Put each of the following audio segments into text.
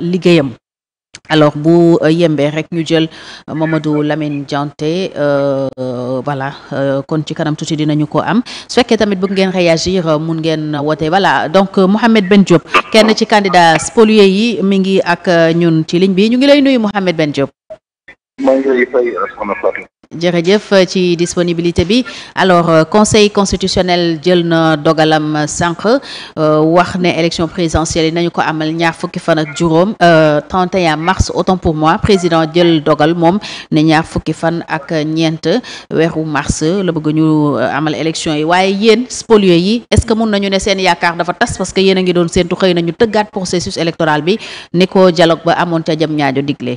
liggéeyam alors bu euh, yembee rek ñu jël euh, Mamadou Lamine Dianté euh, voilà kon ci kanam tuuti dinañu ko am su fekkee tamit bëgg ngeen réagir mun ngeen woote voilà donc Mouhamed Ben Diop kenn ci candidat spoliés yi mi ngi ak ñun ci ligne bi ñu ngi lay nuyu Mouhamed Ben Diop. jërëjëf euh, ci disponibilité bi alors euh, conseil constitutionnel jël na dogalam sànq euh, wax ne élection présidentielle yi nañu ko amal ñaar fukki fan ak juróom 31 mars autant pour moi président jël dogal moom ne ñaar fukki fan ak ñeent weeru mars la bëgg ñu amal élection yi waaye yéen spoliés yi est-ce que mun nañu ne seen yaakaar dafa tas parce que yéen a ngi doon séentu xëy nañu tëggaat processus électoral bi ni ko dialogue ba amoon ca jam ñaajo digle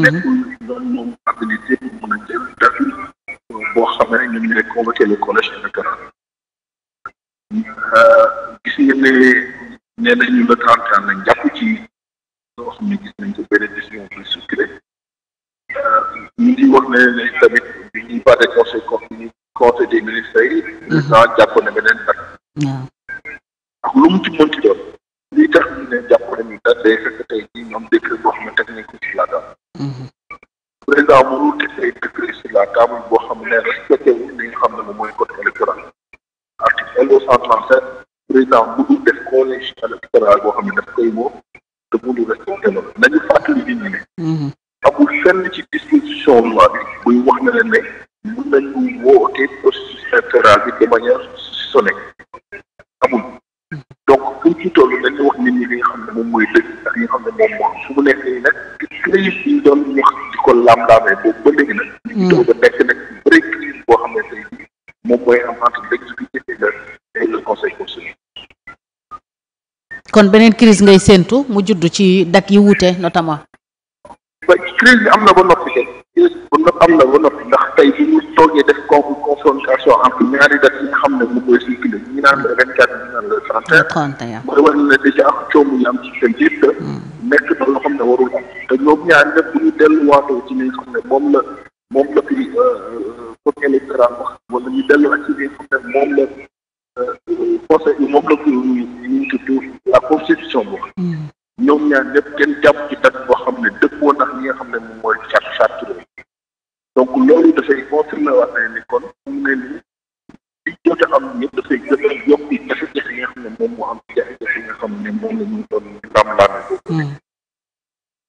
Mm-hmm. nekkul doon moom habilité pour mën a jël date boo xam ne ñoom ñooy convoqué le collège électoral euh, gis nga ne nee nañu le trente et un lañ jàpp ci loo xam ne gis nañ ko benn décision plus euh, wax ne ne tamit bi ñuy parle conseil conseil conseil des yi mm-hmm. président jàpp na beneen date ak lu mu ci mënti doon lii tax ñu ne jàpp nañu date day fekk tey jii ñoom décret boo xam ne teg nañ laa daal président mënul teg ay la table boo xam ne respecté wu li xam ne moom mooy code électoral article L 137 président mënul def collège électoral boo xam ne daf koy woo te mënul respecté loolu nañu fàttali nit ñi ne mm-hmm. amul fenn ci disposition loi bi buy wax na leen ne mën nañu woote processus électoral bi de manière sonnée amul mm-hmm. donc pour ci toll nañu wax nit ñi li nga xam ne moom mooy dëgg ak xam ne moom moo su mu nekk nii nag ci lañu doon ñu xam ko laam-laamee boobu ba léegi nag. ñu doog a nekk nag bëri crise boo xam ne tey jii moom mooy am entre l'exécutif et le ci dak yi wuute notamment ba crise bi am na ba noppi kay am na ba noppi ndax tey bu ñu toogee def confrontation entre ñaari date yi xam ne moom mooy circulé ñu naan le vingt quatre ñu naan et un mooy war na ne déjà ak ne warul am te ñoom ñaar ñëpp bu ñu delluwaatoo ci li nga xam ne moom la moom la fi euh, euh, code électoral wax wala ñu delluwaat ci li nga xam ne moom la euh, conseil bi moom la ko ñu tudd la constitution bu hmm. ñoom ñaar ñëpp kenn jàpp ci date boo xam ne dëppoo ndax li nga xam ne moom mooy charte charte donc loolu dafay confirmer waat ne ni kon mu ne ni li ñëpp dafay jot yi nga xam ne moom moo am jafe-jafe yi nga xam ne moom la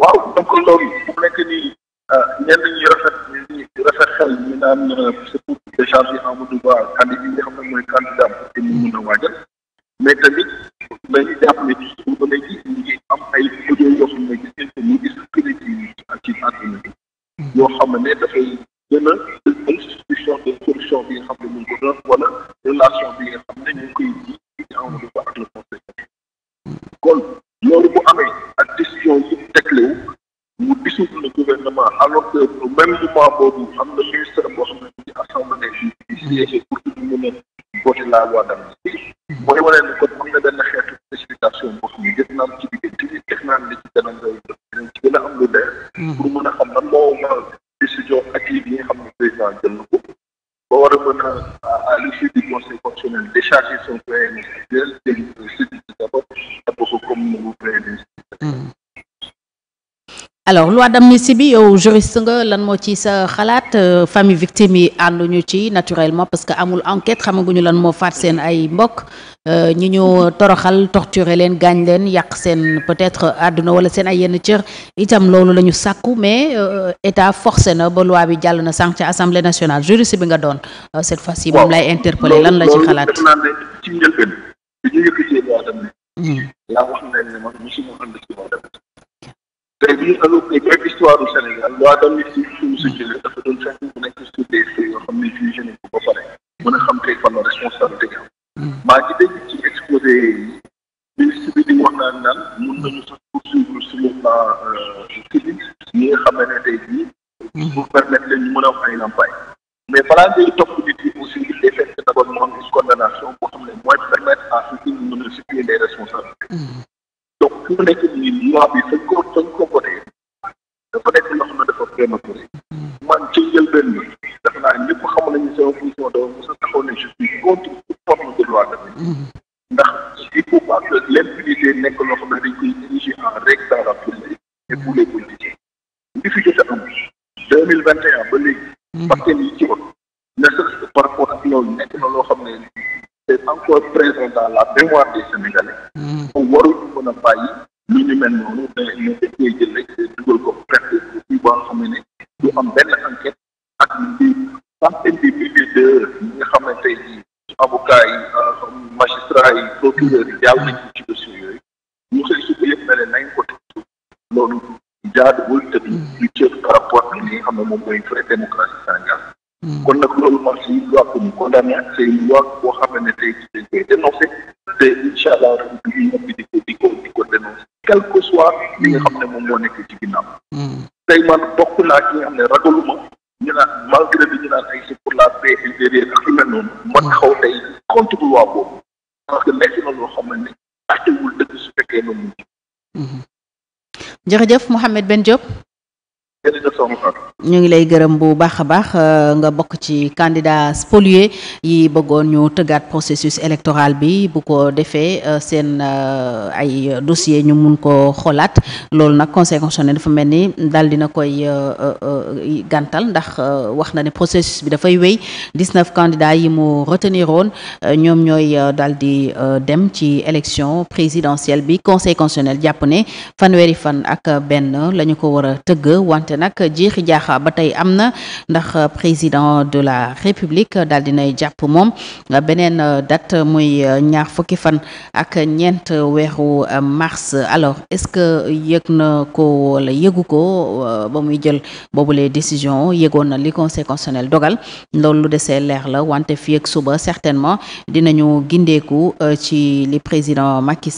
waaw donc loolu bu nekk nii ah, ñenn ñi rafet ñi rafet xel ñu naan euh, surtout décharge yi Amadou Ba kandi yi nga xam ne mooy candidat pour que ñu mun mais tamit dañuy jàpp ne ngi am ay audio yoo xam ne ñu gis këri ci ci àdduna bi xam ne dafay gën a institution de solution bi nga xam ne mu ngi ko doon wala relation bi nga xam ne ñu ngi koy ji ci Amadou Ba ak le conseil kon fois boobu am na ministre boo xam ne ci assemblée bi siégé pour ñu mën a voter la loi d'amnistie mooy wane ne kon am na benn xeetu précipitation boo xam ne jëf naan ci diggante bi def naan li ci kanam alors loi d'amnistie bi yow juriste nga lan moo ci sa xalaat euh, famille victime yi ñu ci naturellement parce que amul enquête xamaguñu lan moo faat seen ay mbokk euh, ñi ñu toroxal torturer leen gaañ leen yàq seen peut-être àdduna wala seen ay yenn cër itam loolu la ñu sàkku mais euh, état forcé na ba loi bi jàll na sànq ci assemblée nationale juriste bi nga doon cette fois ci moom lay interpeller lan la ci xalaat biir alors que même histoire du Sénégal waa doon ni si suñu si jëlee dafa doon fekk mu nekk sur des faits yoo xam ne fii jeune bu ba pare mën a xam tey fan la responsabilité nga hmm. maa ngi dégg ci exposé ministre bi di wax naan naan mun nañu sax poursuivre sur le plan euh, civique ñi nga xam ne tey jii hmm. pour permettre leen ñu mën a am ay lampaay mais balaa ngay topp nit yi aussi il est fait que d'abord mu am une condamnation boo xam ne mooy permettre à ce que ñu mën a situer les responsabilités hmm. donc fi mu nekk nii loi bi sañ ko sañ ko voté dafa nekk loo xam ne dafa prématuré man ci njëlbeen bi def naa ñëpp xam nañu sama position dama mos a taxaw ne je suis contre toute mm-hmm. ndax il faut pas que l'impunité nekk loo xam ne dañ koy érigé en règle dans fi jot a mille vingt et un ba léegi yi mm-hmm. ci woon ne sax par nekk na loo xam ne c'est encore présent dans la na bàyyi lu ñu mel noonu mais mais dañ koy jël dugal ko presque ci boo xam ne du am benn enquête ak di centaine de nga xam ne tey jii avocat yi magistrat yi procureur yi jaaw nañ ko ci dossier yooyu ñu xëy su ko yëpp mel ne nañ ko teg loolu jaaduwul te du du cër par rapport ak li nga xam ne moom mooy vraie démocratie Sénégal hmm. kon nag loolu marché yi loi ko ñu condamné ak c'est boo xam ne tey jii dañ koy te incha allah quel que soit xam ne moom moo nekk ci ginnaaw. Hmm. tey man bokk naa ci nga xam ne ragaluma ñu naan malgré bi ñu naan ay c'est pour la paix intérieure ak yu mel noonu. Hmm. man xaw tey contre loi boobu. parce que nekk na loo xam ne àttewul dëgg su fekkee noonu. Hmm. jërëjëf Mouhamed Ben Diop. jërëjëf soxna ñu ngi lay gërëm bu baax a baax euh, nga bokk ci candidat spolié yi bëggoon ñu tëggaat processus électoral bi bu ko defee euh, seen euh, ay dossier ñu mun ko xoolaat loolu nag conseil constitutionnel dafa mel ni daal dina koy gàntal ndax wax na ne processus bi dafay wéy 19 candidats yi mu retenir woon ñoom ñooy dal di dem ci élection présidentielle bi conseil constitutionnel jàpp ne fanweeri fan ak benn la ko war a tëgg wante nag jiixi jaax ba tey am na ndax euh, président de la république daal dinay jàpp moom nga beneen euh, date muy euh, ñaar fukki fan ak ñeent weeru mars alors est-ce que yëg na ko wala yëgu ko ba muy jël boobu boobule décision yëgoon na li conseil constitutionnel dogal loolu lu desee leer la wante fi suba certainement dinañu gindeeku ci li président Macky